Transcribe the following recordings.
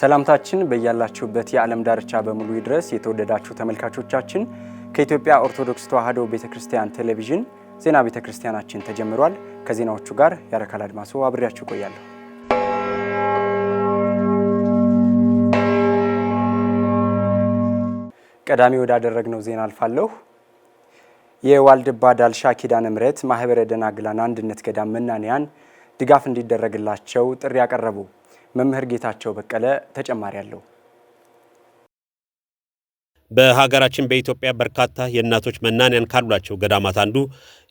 ሰላምታችን በያላችሁበት የዓለም ዳርቻ በሙሉ ይድረስ። የተወደዳችሁ ተመልካቾቻችን ከኢትዮጵያ ኦርቶዶክስ ተዋሕዶ ቤተ ክርስቲያን ቴሌቪዥን ዜና ቤተ ክርስቲያናችን ተጀምሯል። ከዜናዎቹ ጋር ያረካል አድማሱ አብሬያችሁ ቆያለሁ። ቀዳሚ ወዳደረግነው ዜና አልፋለሁ። የዋልድባ ዳልሻ ኪዳነ ምሕረት ማህበረ ደናግላን አንድነት ገዳም መናንያን ድጋፍ እንዲደረግላቸው ጥሪ አቀረቡ። መምህር ጌታቸው በቀለ ተጨማሪ አለው። በሀገራችን በኢትዮጵያ በርካታ የእናቶች መናንያን ካሏቸው ገዳማት አንዱ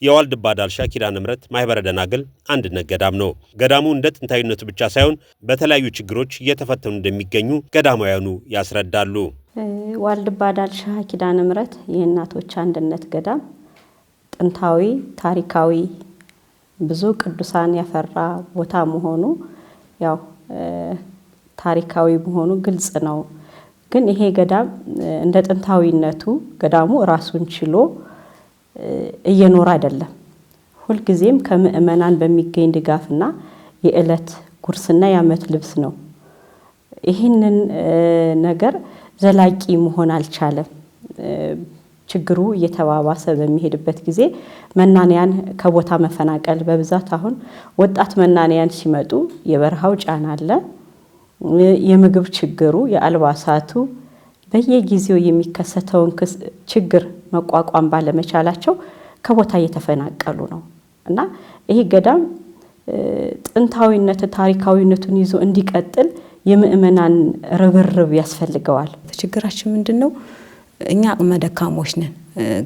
የዋልድባ ዳልሻ ኪዳነ ምሕረት ማኅበረ ደናግል አንድነት ገዳም ነው። ገዳሙ እንደ ጥንታዊነቱ ብቻ ሳይሆን በተለያዩ ችግሮች እየተፈተኑ እንደሚገኙ ገዳማውያኑ ያስረዳሉ። ዋልድባ ዳልሻ ኪዳነ ምሕረት የእናቶች አንድነት ገዳም ጥንታዊ፣ ታሪካዊ ብዙ ቅዱሳን ያፈራ ቦታ መሆኑ ያው ታሪካዊ መሆኑ ግልጽ ነው። ግን ይሄ ገዳም እንደ ጥንታዊነቱ ገዳሙ ራሱን ችሎ እየኖረ አይደለም። ሁልጊዜም ከምዕመናን በሚገኝ ድጋፍና የዕለት ጉርስና የዓመት ልብስ ነው። ይህንን ነገር ዘላቂ መሆን አልቻለም። ችግሩ እየተባባሰ በሚሄድበት ጊዜ መናንያን ከቦታ መፈናቀል በብዛት አሁን ወጣት መናንያን ሲመጡ የበረሃው ጫና አለ፣ የምግብ ችግሩ፣ የአልባሳቱ በየጊዜው የሚከሰተውን ችግር መቋቋም ባለመቻላቸው ከቦታ እየተፈናቀሉ ነው እና ይህ ገዳም ጥንታዊነት ታሪካዊነቱን ይዞ እንዲቀጥል የምእመናን ርብርብ ያስፈልገዋል። ችግራችን ምንድን ነው? እኛ አቅመ ደካሞች ነን።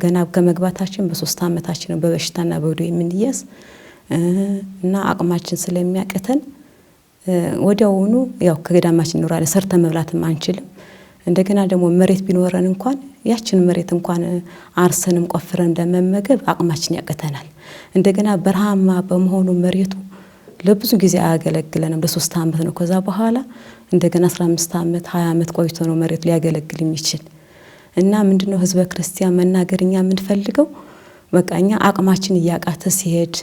ገና ከመግባታችን በሶስት ዓመታችን ነው በበሽታና በወዶ የምንያዝ እና አቅማችን ስለሚያቅተን ወዲያውኑ ያው ከገዳማችን እንኖራለን። ሰርተ መብላትም አንችልም። እንደገና ደግሞ መሬት ቢኖረን እንኳን ያችን መሬት እንኳን አርሰንም ቆፍረን ለመመገብ አቅማችን ያቅተናል። እንደገና በረሃማ በመሆኑ መሬቱ ለብዙ ጊዜ አያገለግለንም። ለሶስት ዓመት ነው። ከዛ በኋላ እንደገና አስራ አምስት ዓመት ሀያ ዓመት ቆይቶ ነው መሬቱ ሊያገለግል የሚችል እና ምንድነው ህዝበ ክርስቲያን መናገር እኛ የምንፈልገው በቃ እኛ አቅማችን እያቃተ ሲሄድ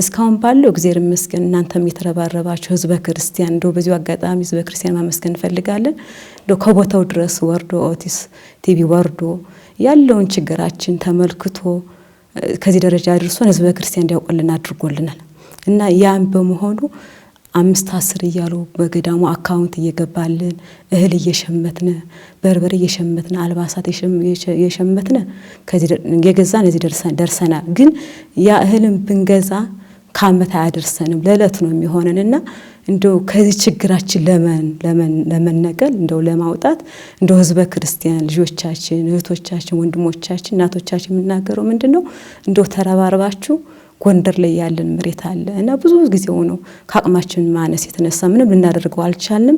እስካሁን ባለው እግዜር ይመስገን እናንተም የተረባረባቸው ህዝበ ክርስቲያን እንደ በዚሁ አጋጣሚ ህዝበ ክርስቲያን ማመስገን እንፈልጋለን። እንደ ከቦታው ድረስ ወርዶ ኦቲስ ቲቪ ወርዶ ያለውን ችግራችን ተመልክቶ ከዚህ ደረጃ አድርሶን ህዝበ ክርስቲያን እንዲያውቅልን አድርጎልናል እና ያን በመሆኑ አምስት አስር እያሉ በገዳሙ አካውንት እየገባልን እህል እየሸመትነ በርበሬ እየሸመትነ አልባሳት እየሸመትነ የገዛን እዚህ ደርሰናል። ግን ያ እህልን ብንገዛ ከአመት አያደርሰንም ለእለት ነው የሚሆነን እና እንደው ከዚህ ችግራችን ለመነቀል እንደው ለማውጣት እንደው ህዝበ ክርስቲያን ልጆቻችን፣ እህቶቻችን፣ ወንድሞቻችን፣ እናቶቻችን የምናገረው ምንድን ነው እንደው ተረባርባችሁ ጎንደር ላይ ያለን መሬት አለ እና ብዙ ጊዜ ሆኖ ከአቅማችን ማነስ የተነሳ ምንም ልናደርገው አልቻልንም።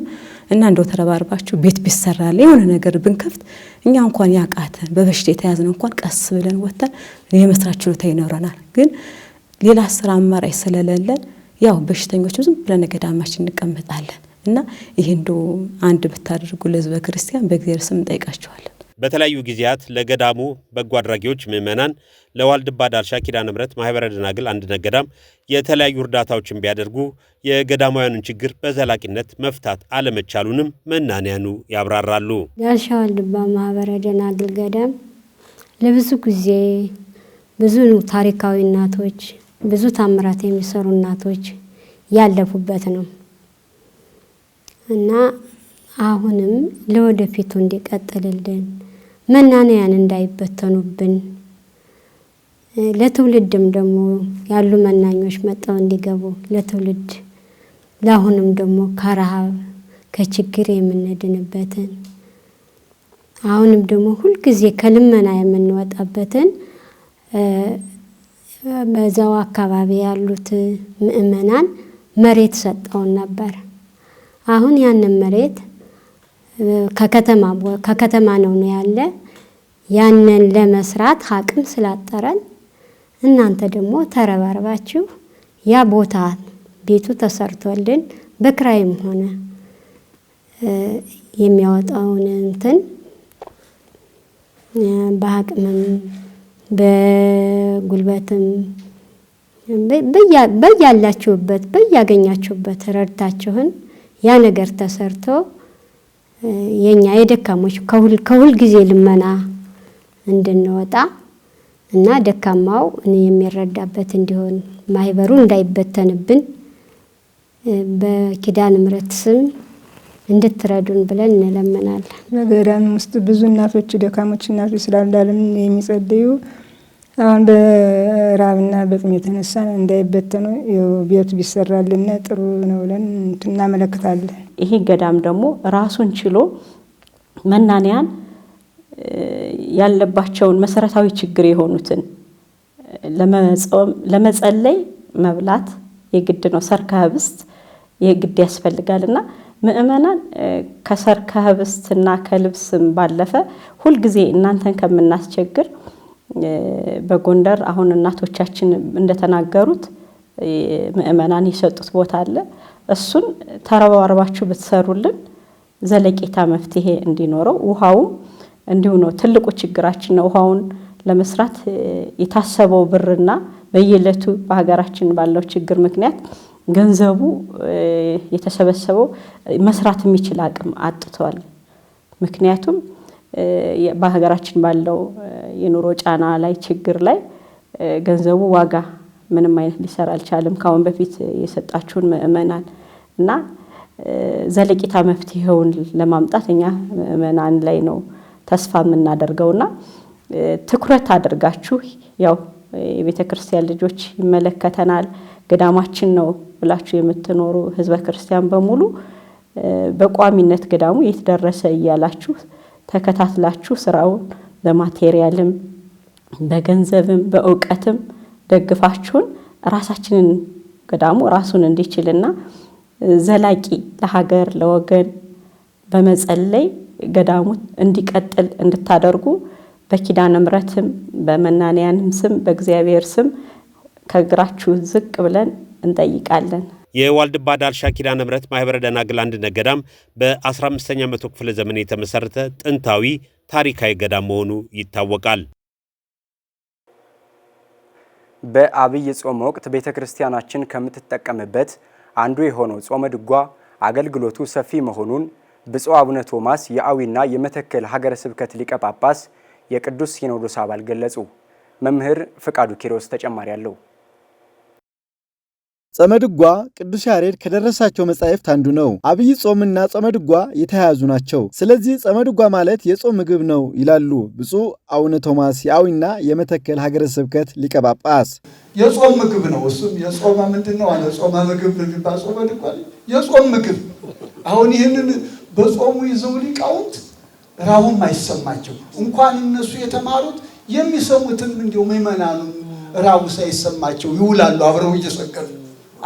እና እንደው ተረባርባችሁ ቤት ቢሰራለ የሆነ ነገር ብንከፍት እኛ እንኳን ያቃተን በበሽታ የተያዝን እንኳን ቀስ ብለን ወጥተን የመስራት ችሎታ ይኖረናል። ግን ሌላ ስራ አማራጭ ስለሌለን ያው በሽተኞችም ዝም ብለን ገዳማችን እንቀመጣለን እና ይሄ እንደው አንድ ብታደርጉ ለህዝበ ክርስቲያን በእግዚአብሔር ስም እንጠይቃችኋለን። በተለያዩ ጊዜያት ለገዳሙ በጎ አድራጊዎች፣ ምዕመናን፣ ለዋልድባ ዳርሻ ኪዳነ ምሕረት ማኅበረ ደናግል አንድነት ገዳም የተለያዩ እርዳታዎችን ቢያደርጉ የገዳማውያኑን ችግር በዘላቂነት መፍታት አለመቻሉንም መናንያኑ ያብራራሉ። ዳርሻ ዋልድባ ማኅበረ ደናግል ገዳም ለብዙ ጊዜ ብዙ ታሪካዊ እናቶች፣ ብዙ ታምራት የሚሰሩ እናቶች ያለፉበት ነው እና አሁንም ለወደፊቱ እንዲቀጥልልን መናንያን እንዳይበተኑብን ለትውልድም ደግሞ ያሉ መናኞች መጠው እንዲገቡ ለትውልድ ለአሁንም ደግሞ ከረሃብ ከችግር የምንድንበትን አሁንም ደግሞ ሁልጊዜ ከልመና የምንወጣበትን በዛው አካባቢ ያሉት ምእመናን መሬት ሰጠውን ነበር። አሁን ያንን መሬት ከከተማ ነው ያለ ያንን ለመስራት አቅም ስላጠረን እናንተ ደግሞ ተረባርባችሁ ያ ቦታ ቤቱ ተሰርቶልን በክራይም ሆነ የሚያወጣውን እንትን በአቅምም በጉልበትም በያላችሁበት በያገኛችሁበት ረድታችሁን ያ ነገር ተሰርቶ የኛ የደካሞች ከሁል ጊዜ ልመና እንድንወጣ እና ደካማው የሚረዳበት እንዲሆን ማህበሩ እንዳይበተንብን በኪዳን ምረት ስም እንድትረዱን ብለን እንለምናለን። በገዳም ውስጥ ብዙ እናቶች ደካሞች እናቶች ስላላለም የሚጸልዩ አሁን በራብና በጥም የተነሳ እንዳይበተኑ ቤቱ ቢሰራልን ጥሩ ነው ብለን እናመለክታለን። ይሄ ገዳም ደግሞ ራሱን ችሎ መናንያን ያለባቸውን መሰረታዊ ችግር የሆኑትን ለመጸለይ መብላት የግድ ነው። ሰርከ ህብስት የግድ ያስፈልጋል እና ምእመናን ከሰርከ ህብስትና ከልብስም ባለፈ ሁልጊዜ እናንተን ከምናስቸግር በጎንደር አሁን እናቶቻችን እንደተናገሩት ምእመናን የሰጡት ቦታ አለ። እሱን ተረባርባችሁ ብትሰሩልን ዘለቄታ መፍትሄ እንዲኖረው ውሃውም እንዲሁ ነው ትልቁ ችግራችን ነው። ውሃውን ለመስራት የታሰበው ብርና በየዕለቱ በሀገራችን ባለው ችግር ምክንያት ገንዘቡ የተሰበሰበው መስራት የሚችል አቅም አጥቷል። ምክንያቱም በሀገራችን ባለው የኑሮ ጫና ላይ ችግር ላይ ገንዘቡ ዋጋ ምንም አይነት ሊሰራ አልቻለም። ከአሁን በፊት የሰጣችሁን ምዕመናን እና ዘለቂታ መፍትሄውን ለማምጣት እኛ ምዕመናን ላይ ነው ተስፋ የምናደርገውና ትኩረት አድርጋችሁ ያው የቤተ ክርስቲያን ልጆች ይመለከተናል፣ ገዳማችን ነው ብላችሁ የምትኖሩ ህዝበ ክርስቲያን በሙሉ በቋሚነት ገዳሙ የት ደረሰ እያላችሁ ተከታትላችሁ ስራውን በማቴሪያልም በገንዘብም በእውቀትም ደግፋችሁን ራሳችንን ገዳሙ ራሱን እንዲችልና ዘላቂ ለሀገር ለወገን በመጸለይ ገዳሙን እንዲቀጥል እንድታደርጉ በኪዳነ ምሕረትም በመናንያንም ስም በእግዚአብሔር ስም ከእግራችሁ ዝቅ ብለን እንጠይቃለን። የዋልድባ ዳልሻ ኪዳነ ምሕረት ማኅበረ ደናግል አንድነ ገዳም በ15ኛ መቶ ክፍለ ዘመን የተመሠረተ ጥንታዊ ታሪካዊ ገዳም መሆኑ ይታወቃል። በአብይ ጾም ወቅት ቤተ ክርስቲያናችን ከምትጠቀምበት አንዱ የሆነው ጾመ ድጓ አገልግሎቱ ሰፊ መሆኑን ብፁዕ አቡነ ቶማስ የአዊና የመተከል ሀገረ ስብከት ሊቀ ጳጳስ የቅዱስ ሲኖዶስ አባል ገለጹ። መምህር ፍቃዱ ኪሮስ ተጨማሪ አለው። ጾመ ቅዱስ ያሬድ ከደረሳቸው መጻሕፍት አንዱ ነው። አብይ ጾምና ጾመ ድጓ የተያያዙ ናቸው። ስለዚህ ጾመ ማለት የጾም ምግብ ነው ይላሉ ብፁዕ አቡነ ቶማስ የአዊና የመተከል ሀገረ ስብከት ሊቀ ጳጳስ። የጾም ምግብ ነው። እሱም የጾመ ምንድን ነው አለ ጾመ ምግብ የሚባል ጾመ የጾም ምግብ አሁን ይህንን በጾሙ ይዘው ሊቃውንት ራቡም አይሰማቸው እንኳን እነሱ የተማሩት የሚሰሙትም እንዲሁ ምዕመናኑ ራቡ ሳይሰማቸው ይውላሉ። አብረው እየሰገዱ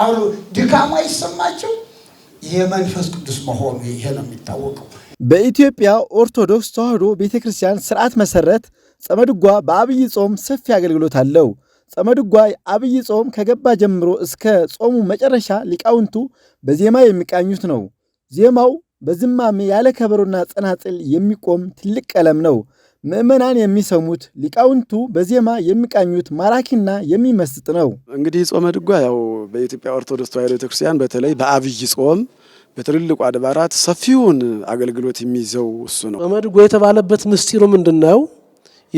አብረ ድካም አይሰማቸው። ይሄ መንፈስ ቅዱስ መሆኑ ይሄ ነው የሚታወቀው። በኢትዮጵያ ኦርቶዶክስ ተዋሕዶ ቤተ ክርስቲያን ስርዓት መሰረት ጸመድጓ በአብይ ጾም ሰፊ አገልግሎት አለው። ጸመድጓ አብይ ጾም ከገባ ጀምሮ እስከ ጾሙ መጨረሻ ሊቃውንቱ በዜማ የሚቃኙት ነው። ዜማው በዝማሜ ያለ ከበሮና ጸናጽል የሚቆም ትልቅ ቀለም ነው። ምእመናን የሚሰሙት፣ ሊቃውንቱ በዜማ የሚቃኙት ማራኪና የሚመስጥ ነው። እንግዲህ ጾመ ድጓ ያው በኢትዮጵያ ኦርቶዶክስ ተዋሕዶ ቤተክርስቲያን በተለይ በአብይ ጾም በትልልቁ አድባራት ሰፊውን አገልግሎት የሚይዘው እሱ ነው። ጾመ ድጓ የተባለበት ምስጢሩ ምንድን ነው?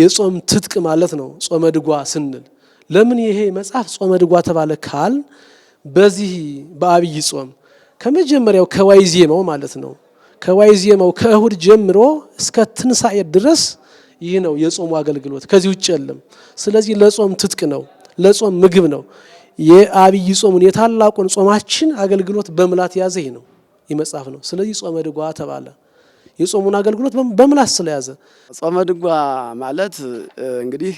የጾም ትጥቅ ማለት ነው። ጾመ ድጓ ስንል ለምን ይሄ መጽሐፍ ጾመ ድጓ ተባለ ካል በዚህ በአብይ ጾም ከመጀመሪያው ከዋይዜማው ማለት ነው ከዋይዜማው ከእሁድ ጀምሮ እስከ ትንሳኤ ድረስ ይህ ነው የጾሙ አገልግሎት። ከዚህ ውጭ የለም። ስለዚህ ለጾም ትጥቅ ነው፣ ለጾም ምግብ ነው። የአብይ ጾሙን የታላቁን ጾማችን አገልግሎት በምላት የያዘ ይህ ነው፣ ይመጻፍ ነው። ስለዚህ ጾመ ድጓ ተባለ። የጾሙን አገልግሎት በምላት ስለያዘ ጾመ ድጓ ማለት እንግዲህ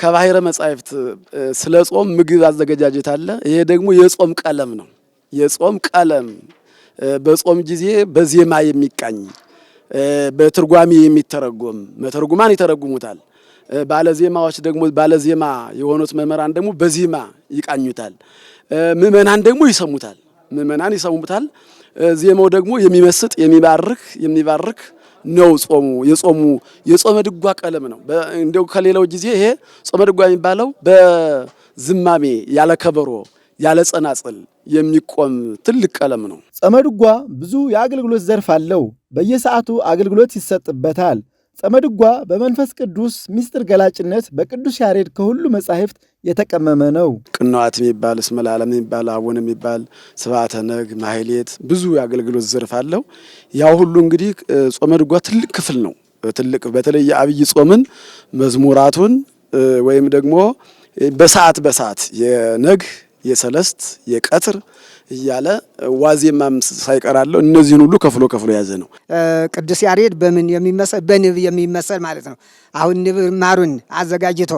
ከባህረ መጻሕፍት ስለ ጾም ምግብ አዘገጃጀት አለ። ይሄ ደግሞ የጾም ቀለም ነው። የጾም ቀለም በጾም ጊዜ በዜማ የሚቃኝ በትርጓሚ የሚተረጎም መተርጉማን ይተረጉሙታል። ባለዜማዎች ደግሞ ባለዜማ የሆኑት መምህራን ደግሞ በዜማ ይቃኙታል። ምእመናን ደግሞ ይሰሙታል። ምእመናን ይሰሙታል። ዜማው ደግሞ የሚመስጥ የሚባርክ የሚባርክ ነው። ጾሙ የጾሙ የጾመ ድጓ ቀለም ነው። እንደው ከሌላው ጊዜ ይሄ ጾመ ድጓ የሚባለው በዝማሜ ያለ ከበሮ ያለ ጸናጽል የሚቆም ትልቅ ቀለም ነው። ጸመድጓ ብዙ የአገልግሎት ዘርፍ አለው። በየሰዓቱ አገልግሎት ይሰጥበታል። ጸመድጓ በመንፈስ ቅዱስ ምስጢር ገላጭነት በቅዱስ ያሬድ ከሁሉ መጻሕፍት የተቀመመ ነው። ቅንዋት የሚባል እስመ ለዓለም የሚባል አቡነ የሚባል ስብሐተ ነግ ማሕሌት ብዙ የአገልግሎት ዘርፍ አለው። ያው ሁሉ እንግዲህ ጾመድጓ ትልቅ ክፍል ነው። ትልቅ በተለይ የአብይ ጾምን መዝሙራቱን ወይም ደግሞ በሰዓት በሰዓት የነግ የሰለስት የቀትር እያለ ዋዜማም ሳይቀራለሁ እነዚህን ሁሉ ከፍሎ ከፍሎ የያዘ ነው። ቅዱስ ያሬድ በምን የሚመሰል በንብ የሚመሰል ማለት ነው። አሁን ንብ ማሩን አዘጋጅቶ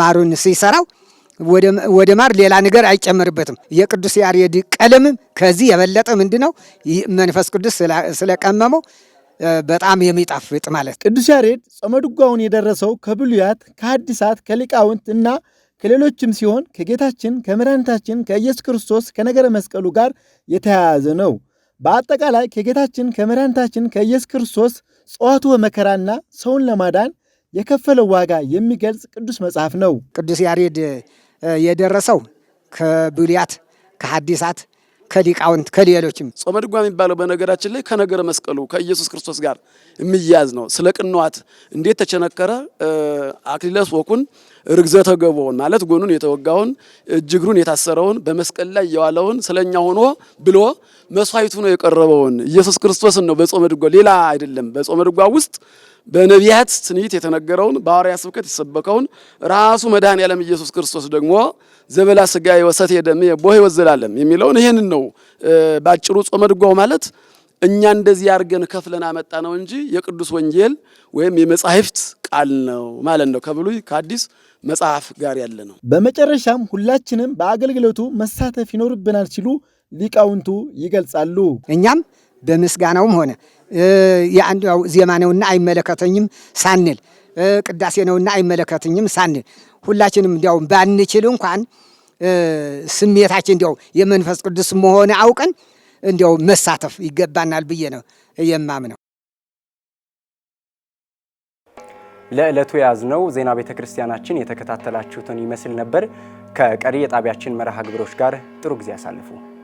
ማሩን ሲሰራው ወደ ማር ሌላ ነገር አይጨመርበትም። የቅዱስ ያሬድ ቀለምም ከዚህ የበለጠ ምንድነው ነው? መንፈስ ቅዱስ ስለቀመመው በጣም የሚጣፍጥ ማለት ቅዱስ ያሬድ ጾመ ድጓውን የደረሰው ከብሉያት ከሐዲሳት ከሊቃውንት እና ከሌሎችም ሲሆን ከጌታችን ከመድኃኒታችን ከኢየሱስ ክርስቶስ ከነገረ መስቀሉ ጋር የተያያዘ ነው። በአጠቃላይ ከጌታችን ከመድኃኒታችን ከኢየሱስ ክርስቶስ ጸዋቱ መከራና ሰውን ለማዳን የከፈለው ዋጋ የሚገልጽ ቅዱስ መጽሐፍ ነው። ቅዱስ ያሬድ የደረሰው ከብሉያት ከሐዲሳት ከሊቃውንት ከሌሎችም ጾመ ድጓ የሚባለው በነገራችን ላይ ከነገረ መስቀሉ ከኢየሱስ ክርስቶስ ጋር የሚያዝ ነው። ስለ ቅንዋት እንዴት ተቸነከረ አክሊለ ሦኩን ርግዘተ ገቦውን ማለት ጎኑን የተወጋውን እጅ እግሩን የታሰረውን በመስቀል ላይ የዋለውን ስለኛ ሆኖ ብሎ መስዋዕቱ ነው የቀረበውን ኢየሱስ ክርስቶስን ነው በጾመ ድጓ ሌላ አይደለም። በጾመ ድጓ ውስጥ በነቢያት ትንቢት የተነገረውን በሐዋርያ ስብከት የሰበከውን ራሱ መድኃኔ ዓለም ኢየሱስ ክርስቶስ ደግሞ ዘበላ ስጋ ወሰትየ የደም ቦሄ ወዘላለም የሚለውን ይሄንን ነው ባጭሩ ጾመ ድጓው ማለት። እኛ እንደዚህ አድርገን ከፍለን አመጣ ነው እንጂ የቅዱስ ወንጌል ወይም የመጻሕፍት ቃል ነው ማለት ነው። ከብሉይ ከአዲስ መጽሐፍ ጋር ያለ ነው። በመጨረሻም ሁላችንም በአገልግሎቱ መሳተፍ ይኖርብናል ሲሉ ሊቃውንቱ ይገልጻሉ። እኛም በምስጋናውም ሆነ የአንዱ ዜማ ነውና አይመለከተኝም ሳንል፣ ቅዳሴ ነውና አይመለከተኝም ሳንል ሁላችንም እንዲያውም ባንችል እንኳን ስሜታችን እንዲያው የመንፈስ ቅዱስ መሆን አውቀን እንዲያው መሳተፍ ይገባናል ብዬ ነው የማምነው። ለዕለቱ የያዝነው ዜና ቤተ ክርስቲያናችን የተከታተላችሁትን ይመስል ነበር። ከቀሪ የጣቢያችን መርሃ ግብሮች ጋር ጥሩ ጊዜ ያሳልፉ።